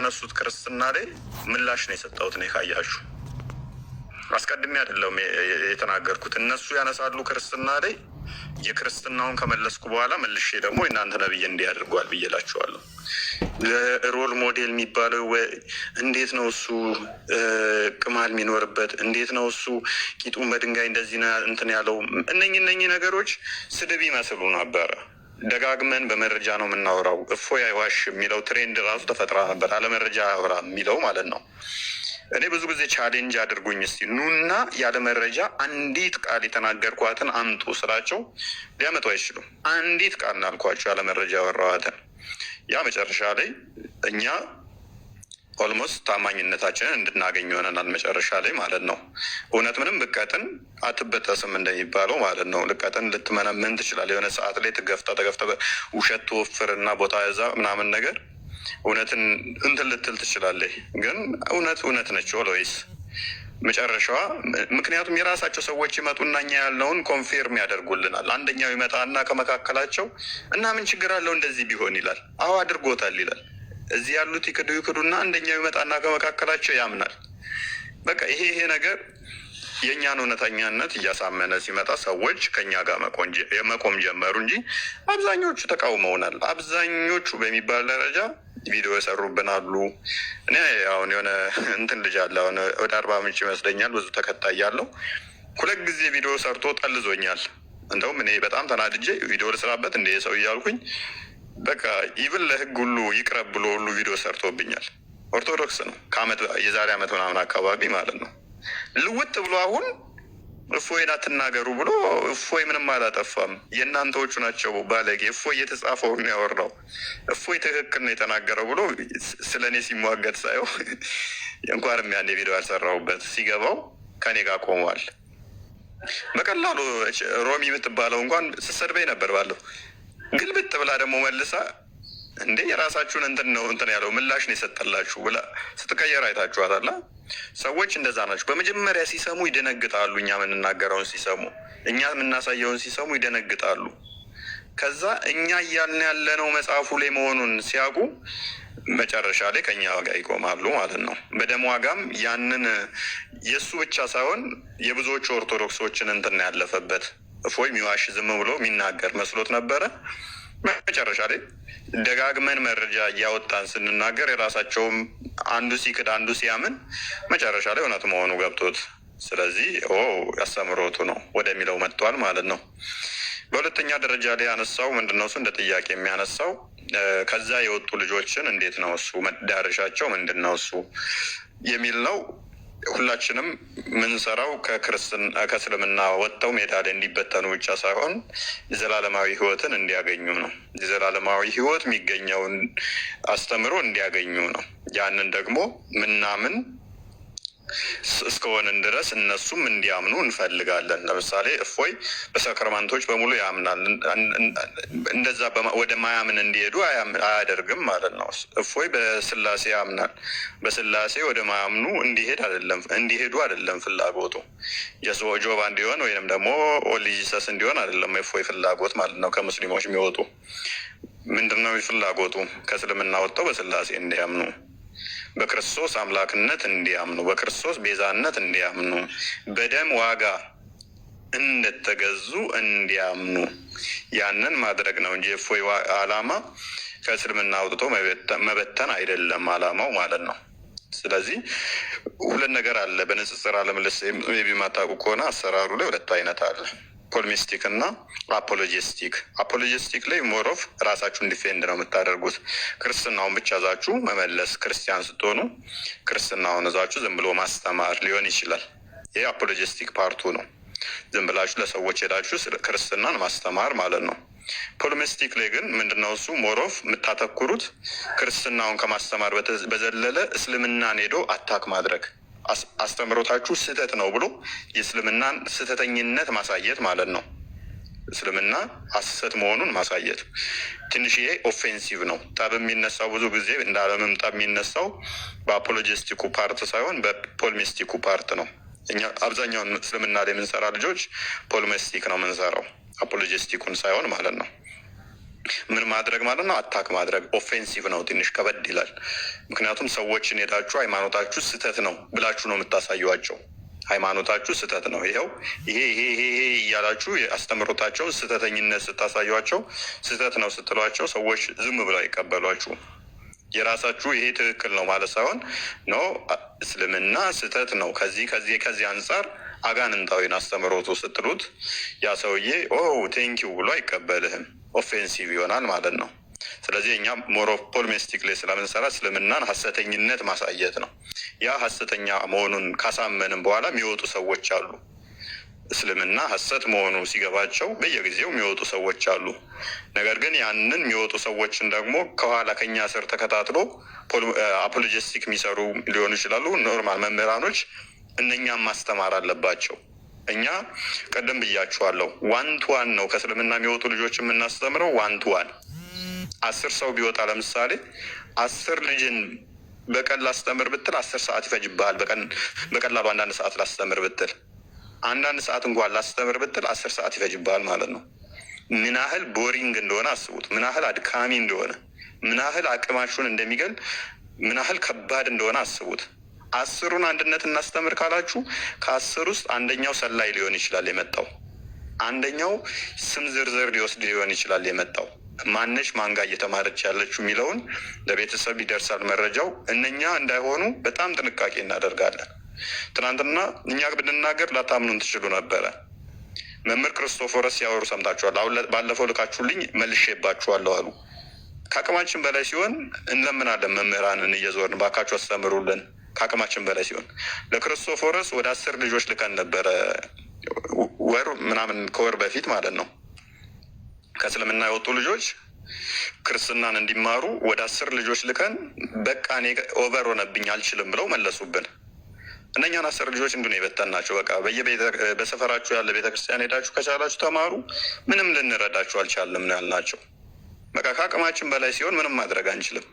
ካነሱት ክርስትና ላይ ምላሽ ነው የሰጠሁት። እኔ ካያችሁ አስቀድሜ አይደለም የተናገርኩት። እነሱ ያነሳሉ ክርስትና ላይ የክርስትናውን ከመለስኩ በኋላ መልሼ ደግሞ እናንተ ነብይ እንዲህ አድርጓል ብዬ እላችኋለሁ። ሮል ሞዴል የሚባለው እንዴት ነው እሱ ቅማል የሚኖርበት? እንዴት ነው እሱ ቂጡን በድንጋይ እንደዚህ እንትን ያለው? እነኝ እነኝ ነገሮች ስድብ ይመስሉ ነበረ። ደጋግመን በመረጃ ነው የምናወራው። እፎይ አይዋሽ የሚለው ትሬንድ ራሱ ተፈጥራ ነበር፣ አለመረጃ አያወራ የሚለው ማለት ነው። እኔ ብዙ ጊዜ ቻሌንጅ አድርጉኝ እስቲ ኑና ያለመረጃ አንዲት ቃል የተናገርኳትን አምጡ ስላቸው ሊያመጡ አይችሉም። አንዲት ቃል እናልኳቸው ያለመረጃ ያወራዋትን ያ መጨረሻ ላይ እኛ ኦልሞስት ታማኝነታችንን እንድናገኝ ይሆነናል መጨረሻ ላይ ማለት ነው። እውነት ምንም ብቀጥን አትበጠስም እንደሚባለው ማለት ነው። ልቀጥን ልትመነምን ትችላል። የሆነ ሰዓት ላይ ትገፍታ ተገፍታ ውሸት ትወፍር እና ቦታ እዛ ምናምን ነገር እውነትን እንትን ልትል ትችላለህ። ግን እውነት እውነት ነች ኦልዌይስ መጨረሻዋ። ምክንያቱም የራሳቸው ሰዎች ይመጡና እኛ ያለውን ኮንፌርም ያደርጉልናል። አንደኛው ይመጣና ከመካከላቸው እና ምን ችግር አለው እንደዚህ ቢሆን ይላል። አዎ አድርጎታል ይላል እዚህ ያሉት ይክዱ ይክዱና አንደኛው ይመጣና ከመካከላቸው ያምናል። በቃ ይሄ ይሄ ነገር የእኛን እውነተኛነት እያሳመነ ሲመጣ ሰዎች ከኛ ጋር መቆም ጀመሩ እንጂ አብዛኞቹ ተቃውመውናል። አብዛኞቹ በሚባል ደረጃ ቪዲዮ የሰሩብን አሉ። እኔ አሁን የሆነ እንትን ልጅ አለ አሁን ወደ አርባ ምንጭ ይመስለኛል ብዙ ተከታይ ያለው ሁለት ጊዜ ቪዲዮ ሰርቶ ጠልዞኛል። እንደውም እኔ በጣም ተናድጄ ቪዲዮ ልስራበት እንደ ሰው እያልኩኝ በቃ ይብን ለህግ ሁሉ ይቅረብ ብሎ ሁሉ ቪዲዮ ሰርቶብኛል። ኦርቶዶክስ ነው ከአመት የዛሬ አመት ምናምን አካባቢ ማለት ነው። ልውጥ ብሎ አሁን እፎይን አትናገሩ ብሎ እፎይ ምንም አላጠፋም፣ የእናንተዎቹ ናቸው ባለጌ። እፎይ የተጻፈው ነው ያወራው። እፎይ ትክክል ነው የተናገረው ብሎ ስለ እኔ ሲሟገድ ሳየው እንኳንም ያኔ ቪዲዮ ያልሰራሁበት ሲገባው ከኔ ጋር ቆመዋል። በቀላሉ ሮሚ የምትባለው እንኳን ስትሰድበኝ ነበር ባለው ግልብጥ ብላ ደግሞ መልሳ እንዴ የራሳችሁን እንትን ነው እንትን ያለው ምላሽ ነው የሰጠላችሁ ብላ ስትቀየር አይታችኋታላ። ሰዎች እንደዛ ናቸው። በመጀመሪያ ሲሰሙ ይደነግጣሉ። እኛ የምንናገረውን ሲሰሙ፣ እኛ የምናሳየውን ሲሰሙ ይደነግጣሉ። ከዛ እኛ እያልን ያለነው መጽሐፉ ላይ መሆኑን ሲያውቁ መጨረሻ ላይ ከኛ ጋር ይቆማሉ ማለት ነው። በደም ዋጋም ያንን የእሱ ብቻ ሳይሆን የብዙዎቹ ኦርቶዶክሶችን እንትን ያለፈበት እፎይ የሚዋሽ ዝም ብሎ የሚናገር መስሎት ነበረ። መጨረሻ ላይ ደጋግመን መረጃ እያወጣን ስንናገር የራሳቸውም አንዱ ሲክድ አንዱ ሲያምን መጨረሻ ላይ እውነት መሆኑ ገብቶት ስለዚህ ያስተምሮቱ ነው ወደሚለው መጥቷል ማለት ነው። በሁለተኛ ደረጃ ላይ ያነሳው ምንድነው? እሱ እንደ ጥያቄ የሚያነሳው ከዛ የወጡ ልጆችን እንዴት ነው እሱ መዳረሻቸው ምንድነው እሱ የሚል ነው። ሁላችንም ምንሰራው ከእስልምና ወጥተው ሜዳ ላይ እንዲበተኑ ብቻ ሳይሆን የዘላለማዊ ህይወትን እንዲያገኙ ነው። የዘላለማዊ ህይወት የሚገኘውን አስተምሮ እንዲያገኙ ነው። ያንን ደግሞ ምናምን እስከሆንን ድረስ እነሱም እንዲያምኑ እንፈልጋለን። ለምሳሌ እፎይ በሰክርማንቶች በሙሉ ያምናል። እንደዛ ወደ ማያምን እንዲሄዱ አያደርግም ማለት ነው። እፎይ በስላሴ ያምናል። በስላሴ ወደ ማያምኑ እንዲሄድ አይደለም እንዲሄዱ አይደለም ፍላጎቱ የሶ ጆባ እንዲሆን ወይም ደግሞ ኦሊጂሰስ እንዲሆን አይደለም እፎይ ፍላጎት ማለት ነው። ከሙስሊሞች የሚወጡ ምንድነው ፍላጎቱ? ከእስልምና ወጥተው በስላሴ እንዲያምኑ በክርስቶስ አምላክነት እንዲያምኑ፣ በክርስቶስ ቤዛነት እንዲያምኑ፣ በደም ዋጋ እንደተገዙ እንዲያምኑ ያንን ማድረግ ነው እንጂ እፎይ አላማ ከእስልምና አውጥቶ መበተን አይደለም አላማው ማለት ነው። ስለዚህ ሁለት ነገር አለ። በንጽጽር አለምልስ የማታውቁ ከሆነ አሰራሩ ላይ ሁለት አይነት አለ። ፖልሚስቲክ እና አፖሎጂስቲክ። አፖሎጂስቲክ ላይ ሞሮፍ ራሳችሁን ዲፌንድ ነው የምታደርጉት። ክርስትናውን ብቻ እዛችሁ መመለስ፣ ክርስቲያን ስትሆኑ ክርስትናውን እዛችሁ ዝም ብሎ ማስተማር ሊሆን ይችላል። ይህ አፖሎጂስቲክ ፓርቱ ነው። ዝም ብላችሁ ለሰዎች ሄዳችሁ ክርስትናን ማስተማር ማለት ነው። ፖሎሚስቲክ ላይ ግን ምንድነው እሱ ሞሮፍ የምታተኩሩት ክርስትናውን ከማስተማር በዘለለ እስልምናን ሄዶ አታክ ማድረግ አስተምሮታችሁ ስህተት ነው ብሎ የእስልምናን ስህተተኝነት ማሳየት ማለት ነው። እስልምና አስሰት መሆኑን ማሳየት ትንሽ ይሄ ኦፌንሲቭ ነው። ጠብ የሚነሳው ብዙ ጊዜ እንደ አለምም ጠብ የሚነሳው በአፖሎጂስቲኩ ፓርት ሳይሆን በፖልሚስቲኩ ፓርት ነው። እኛ አብዛኛውን እስልምና ላይ የምንሰራ ልጆች ፖልሚስቲክ ነው የምንሰራው፣ አፖሎጂስቲኩን ሳይሆን ማለት ነው። ምን ማድረግ ማለት ነው? አታክ ማድረግ ኦፌንሲቭ ነው፣ ትንሽ ከበድ ይላል። ምክንያቱም ሰዎችን ሄዳችሁ ሃይማኖታችሁ ስህተት ነው ብላችሁ ነው የምታሳዩቸው። ሃይማኖታችሁ ስህተት ነው፣ ይኸው ይሄ ይሄ ይሄ እያላችሁ አስተምሮታቸው ስህተተኝነት ስታሳዩቸው፣ ስህተት ነው ስትሏቸው ሰዎች ዝም ብለው አይቀበሏችሁ። የራሳችሁ ይሄ ትክክል ነው ማለት ሳይሆን ኖ እስልምና ስህተት ነው ከዚህ ከዚህ ከዚህ አንጻር አጋንንታዊን አስተምሮቱ ስትሉት ያ ሰውዬ ኦ ቴንኪው ብሎ አይቀበልህም። ኦፌንሲቭ ይሆናል ማለት ነው። ስለዚህ እኛ ሞኖፖል ሚስቲክ ላይ ስለምንሰራ እስልምናን ሀሰተኝነት ማሳየት ነው። ያ ሀሰተኛ መሆኑን ካሳመንም በኋላ የሚወጡ ሰዎች አሉ። እስልምና ሀሰት መሆኑ ሲገባቸው በየጊዜው የሚወጡ ሰዎች አሉ። ነገር ግን ያንን የሚወጡ ሰዎችን ደግሞ ከኋላ ከኛ ስር ተከታትሎ አፖሎጂስቲክ የሚሰሩ ሊሆኑ ይችላሉ። ኖርማል መምህራኖች እነኛም ማስተማር አለባቸው። እኛ ቀደም ብያችኋለሁ፣ ዋን ቱ ዋን ነው ከእስልምና የሚወጡ ልጆች የምናስተምረው ዋን ቱ ዋን። አስር ሰው ቢወጣ ለምሳሌ አስር ልጅን በቀን ላስተምር ብትል አስር ሰዓት ይፈጅብሃል። በቀላሉ አንዳንድ ሰዓት ላስተምር ብትል አንዳንድ ሰዓት እንኳን ላስተምር ብትል አስር ሰዓት ይፈጅብሃል ማለት ነው። ምን ያህል ቦሪንግ እንደሆነ አስቡት። ምን ያህል አድካሚ እንደሆነ፣ ምን ያህል አቅማችሁን እንደሚገል፣ ምን ያህል ከባድ እንደሆነ አስቡት። አስሩን አንድነት እናስተምር ካላችሁ ከአስር ውስጥ አንደኛው ሰላይ ሊሆን ይችላል የመጣው አንደኛው ስም ዝርዝር ሊወስድ ሊሆን ይችላል የመጣው ማነች ማንጋ እየተማረች ያለችው የሚለውን ለቤተሰብ ይደርሳል መረጃው። እነኛ እንዳይሆኑ በጣም ጥንቃቄ እናደርጋለን። ትናንትና እኛ ብንናገር ላታምኑን ትችሉ ነበረ። መምህር ክርስቶፎረስ ሲያወሩ ሰምታችኋል። አሁን ባለፈው ልካችሁልኝ መልሼባችኋለሁ አሉ። ከአቅማችን በላይ ሲሆን እንለምናለን መምህራንን እየዞርን ባካችሁ አስተምሩልን ከአቅማችን በላይ ሲሆን ለክርስቶፎረስ ወደ አስር ልጆች ልከን ነበረ፣ ወር ምናምን ከወር በፊት ማለት ነው። ከእስልምና የወጡ ልጆች ክርስትናን እንዲማሩ ወደ አስር ልጆች ልከን በቃ እኔ ኦቨር ሆነብኝ አልችልም ብለው መለሱብን። እነኛን አስር ልጆች እንዱ ነው የበተንናቸው። በቃ በሰፈራችሁ ያለ ቤተክርስቲያን ሄዳችሁ ከቻላችሁ ተማሩ፣ ምንም ልንረዳችሁ አልቻልም ነው ያልናቸው። በቃ ከአቅማችን በላይ ሲሆን ምንም ማድረግ አንችልም።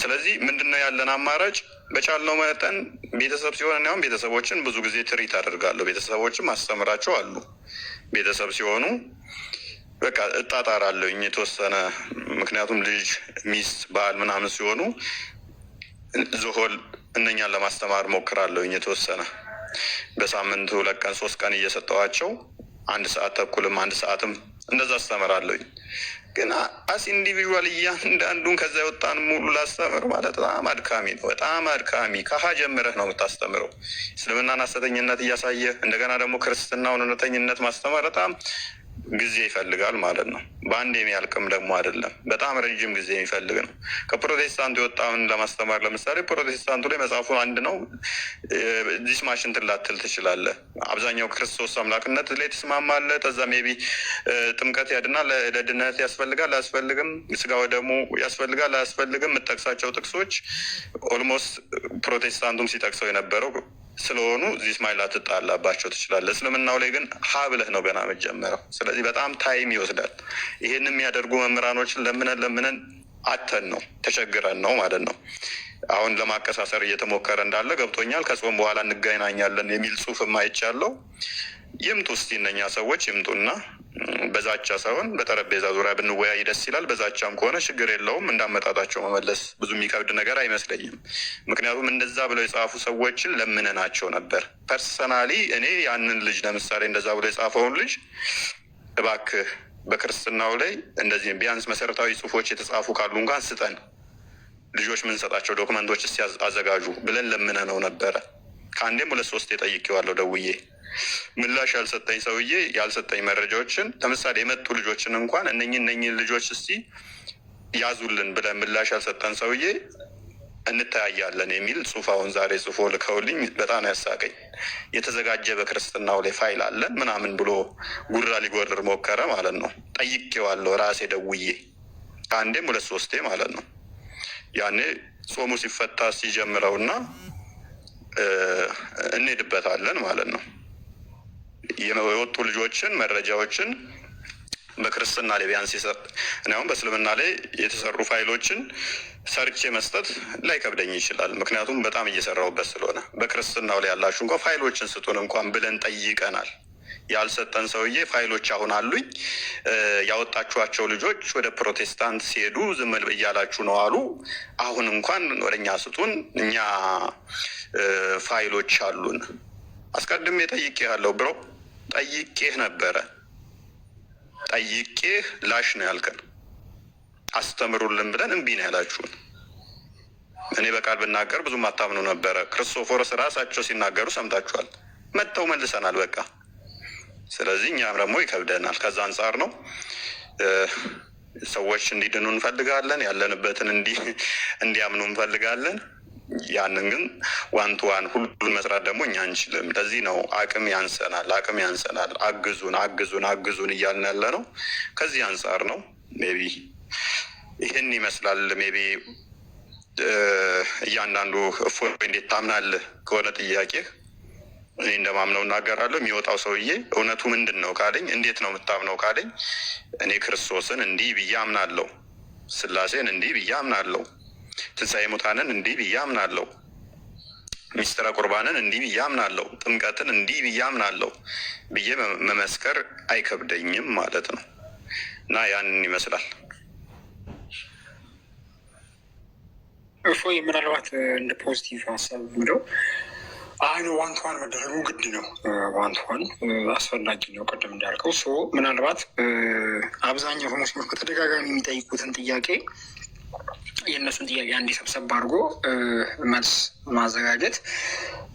ስለዚህ ምንድነው ያለን አማራጭ? በቻልነው መጠን ቤተሰብ ሲሆን እኒያውም ቤተሰቦችን ብዙ ጊዜ ትሪት አደርጋለሁ። ቤተሰቦችም አስተምራቸው አሉ። ቤተሰብ ሲሆኑ በቃ እጣጣራለሁኝ የተወሰነ ምክንያቱም ልጅ፣ ሚስት፣ ባል ምናምን ሲሆኑ ዝሆል እነኛን ለማስተማር ሞክራለሁ የተወሰነ በሳምንት ሁለት ቀን ሶስት ቀን እየሰጠዋቸው አንድ ሰዓት ተኩልም አንድ ሰዓትም እንደዛ አስተምራለሁኝ። ግን አስ ኢንዲቪዥዋል እያንዳንዱን ከዛ የወጣን ሙሉ ላስተምር ማለት በጣም አድካሚ ነው። በጣም አድካሚ ከሀ ጀምረህ ነው የምታስተምረው። እስልምናን ሐሰተኝነት እያሳየ እንደገና ደግሞ ክርስትናውን እውነተኝነት ማስተማር በጣም ጊዜ ይፈልጋል ማለት ነው። በአንድ የሚያልቅም ደግሞ አይደለም፣ በጣም ረጅም ጊዜ የሚፈልግ ነው። ከፕሮቴስታንቱ የወጣውን ለማስተማር ለምሳሌ ፕሮቴስታንቱ ላይ መጽሐፉ አንድ ነው ዲስ ማሽን ትላትል ትችላለ። አብዛኛው ክርስቶስ አምላክነት ላይ ትስማማለ። ተዛ ሜቢ ጥምቀት ያድና ለድነት ያስፈልጋል አያስፈልግም፣ ስጋ ወደሙ ያስፈልጋል አያስፈልግም። የምጠቅሳቸው ጥቅሶች ኦልሞስት ፕሮቴስታንቱም ሲጠቅሰው የነበረው ስለሆኑ እዚህ ስማይ ላትጣላባቸው ትችላለህ። እስልምናው ላይ ግን ሀብለህ ነው ገና መጀመረው። ስለዚህ በጣም ታይም ይወስዳል። ይህን የሚያደርጉ መምህራኖችን ለምነን ለምነን አተን ነው ተቸግረን ነው ማለት ነው። አሁን ለማቀሳሰር እየተሞከረ እንዳለ ገብቶኛል። ከጾም በኋላ እንገናኛለን የሚል ጽሁፍ ማይቻለው። ይምጡ እስቲ እነኛ ሰዎች ይምጡና በዛቻ ሳይሆን በጠረጴዛ ዙሪያ ብንወያይ ደስ ይላል። በዛቻም ከሆነ ችግር የለውም። እንዳመጣጣቸው መመለስ ብዙ የሚከብድ ነገር አይመስለኝም። ምክንያቱም እንደዛ ብለው የጻፉ ሰዎችን ለምነናቸው ነበር። ፐርሰናሊ እኔ ያንን ልጅ ለምሳሌ እንደዛ ብሎ የጻፈውን ልጅ እባክህ በክርስትናው ላይ እንደዚህ ቢያንስ መሰረታዊ ጽሁፎች የተጻፉ ካሉ እንኳን ስጠን፣ ልጆች ምንሰጣቸው ዶክመንቶች እስኪ አዘጋጁ ብለን ለምነነው ነበረ። ከአንዴም ሁለት ሶስት የጠይቄዋለሁ ደውዬ ምላሽ ያልሰጠኝ ሰውዬ ያልሰጠኝ መረጃዎችን ለምሳሌ የመጡ ልጆችን እንኳን እነኝ እነኝ ልጆች እስቲ ያዙልን ብለን ምላሽ ያልሰጠን ሰውዬ እንተያያለን የሚል ጽሁፍ አሁን ዛሬ ጽፎ ልከውልኝ በጣም ያሳቀኝ። የተዘጋጀ በክርስትናው ላይ ፋይል አለን ምናምን ብሎ ጉራ ሊጎርር ሞከረ ማለት ነው። ጠይቄዋለሁ ራሴ ደውዬ ከአንዴም ሁለት ሶስቴ ማለት ነው። ያኔ ጾሙ ሲፈታ ሲጀምረውና እንሄድበታለን ማለት ነው። የወጡ ልጆችን መረጃዎችን በክርስትና ላይ ቢያንስ ይሰጥ እንዲሁም በእስልምና ላይ የተሰሩ ፋይሎችን ሰርቼ መስጠት ላይከብደኝ ይችላል። ምክንያቱም በጣም እየሰራሁበት ስለሆነ፣ በክርስትናው ላይ ያላችሁ እንኳ ፋይሎችን ስጡን እንኳን ብለን ጠይቀናል። ያልሰጠን ሰውዬ ፋይሎች አሁን አሉኝ ያወጣችኋቸው ልጆች ወደ ፕሮቴስታንት ሲሄዱ ዝም እያላችሁ ነው አሉ። አሁን እንኳን ወደ እኛ ስጡን፣ እኛ ፋይሎች አሉን። አስቀድሜ ጠይቄ ያለው ብሮ ጠይቄህ ነበረ። ጠይቄህ ላሽ ነው ያልከን። አስተምሩልን ብለን እምቢ ነው ያላችሁን። እኔ በቃል ብናገር ብዙም አታምኑ ነበረ። ክርስቶፎርስ ራሳቸው ሲናገሩ ሰምታችኋል። መጥተው መልሰናል። በቃ ስለዚህ እኛም ደግሞ ይከብደናል። ከዛ አንጻር ነው ሰዎች እንዲድኑ እንፈልጋለን። ያለንበትን እንዲያምኑ እንፈልጋለን። ያንን ግን ዋን ቱ ዋን ሁሉን መስራት ደግሞ እኛ አንችልም። ለዚህ ነው አቅም ያንሰናል፣ አቅም ያንሰናል፣ አግዙን፣ አግዙን፣ አግዙን እያልን ያለ ነው። ከዚህ አንጻር ነው ቢ ይህን ይመስላል። ቢ እያንዳንዱ እፎ እንዴት ታምናለህ ከሆነ ጥያቄ እኔ እንደማምነው እናገራለሁ። የሚወጣው ሰውዬ እውነቱ ምንድን ነው ካለኝ፣ እንዴት ነው የምታምነው ካለኝ፣ እኔ ክርስቶስን እንዲህ ብዬ አምናለሁ፣ ስላሴን እንዲህ ብዬ አምናለሁ ትንሣኤ ሙታንን እንዲህ ብዬ አምናለሁ። ሚስጥረ ቁርባንን እንዲህ ብዬ አምናለሁ። ጥምቀትን እንዲህ ብዬ አምናለሁ ብዬ መመስከር አይከብደኝም ማለት ነው። እና ያንን ይመስላል። እፎይ ምናልባት እንደ ፖዚቲቭ ሀሳብ ምደው አይ ዋንትዋን መደረጉ ግድ ነው። ዋንትዋን አስፈላጊ ነው። ቅድም እንዳልከው ምናልባት አብዛኛው ሙስሊሞች በተደጋጋሚ የሚጠይቁትን ጥያቄ የእነሱን ጥያቄ አንዲሰብሰብ ሰብሰብ አድርጎ መልስ ማዘጋጀት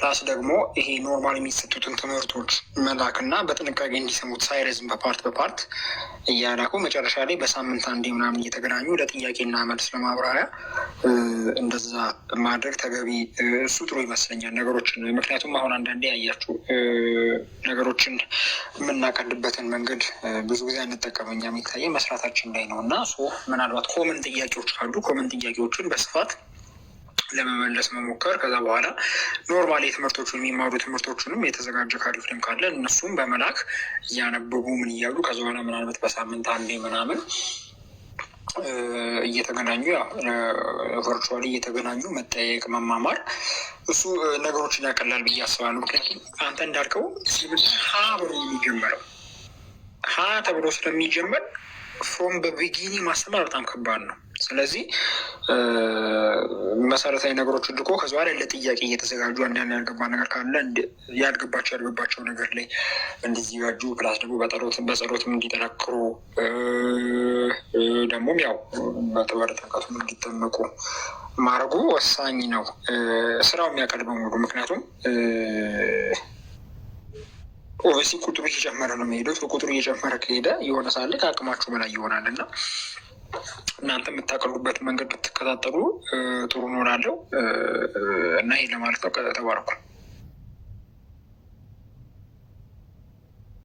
ፕላስ ደግሞ ይሄ ኖርማል የሚሰጡትን ትምህርቶች መላክ እና በጥንቃቄ እንዲሰሙት ሳይረዝም በፓርት በፓርት እያላኩ መጨረሻ ላይ በሳምንት አንዴ ምናምን እየተገናኙ ለጥያቄና መልስ ለማብራሪያ እንደዛ ማድረግ ተገቢ እሱ ጥሩ ይመስለኛል። ነገሮችን ምክንያቱም አሁን አንዳንዴ ያያችሁ ነገሮችን የምናቀድበትን መንገድ ብዙ ጊዜ አንጠቀምም። የሚታየ መስራታችን ላይ ነው እና ምናልባት ኮመን ጥያቄዎች ካሉ ኮመን ጥያቄዎችን በስፋት ለመመለስ መሞከር ከዛ በኋላ ኖርማል የትምህርቶቹን የሚማሩ ትምህርቶቹንም የተዘጋጀ ካሪኩለም ካለ እነሱም በመላክ እያነበቡ ምን እያሉ ከዚ በኋላ ምናልባት በሳምንት አንዴ ምናምን እየተገናኙ ቨርቹዋሊ እየተገናኙ መጠየቅ መማማር እሱ ነገሮችን ያቀላል ብዬ አስባለሁ። ምክንያቱም አንተ እንዳልከው ሲብል ሀ ብሎ የሚጀመረው ሀ ተብሎ ስለሚጀመር ፍሮም በቢጊኒ ማስተማር በጣም ከባድ ነው። ስለዚህ መሰረታዊ ነገሮች ድቆ ከዚ በኋላ ለጥያቄ እየተዘጋጁ አንዳንድ ያልገባ ነገር ካለ ያልገባቸው ያልገባቸው ነገር ላይ እንዲዘጋጁ ፕላስ ደግሞ በጸሎትም በጸሎትም እንዲጠነክሩ ደግሞም ያው በተበረት ንቀቱም እንዲጠመቁ ማድረጉ ወሳኝ ነው። ስራው የሚያቀል ሙሉ ምክንያቱም ኦቨሲ ቁጥሩ እየጨመረ ነው የሚሄደው። ቁጥሩ እየጨመረ ከሄደ የሆነ ሳለ ከአቅማችሁ በላይ ይሆናል እና እናንተ የምታቀርቡበት መንገድ ብትከታተሉ ጥሩ ኖራለው እና ይህ ለማለት ነው። ተባረኩ።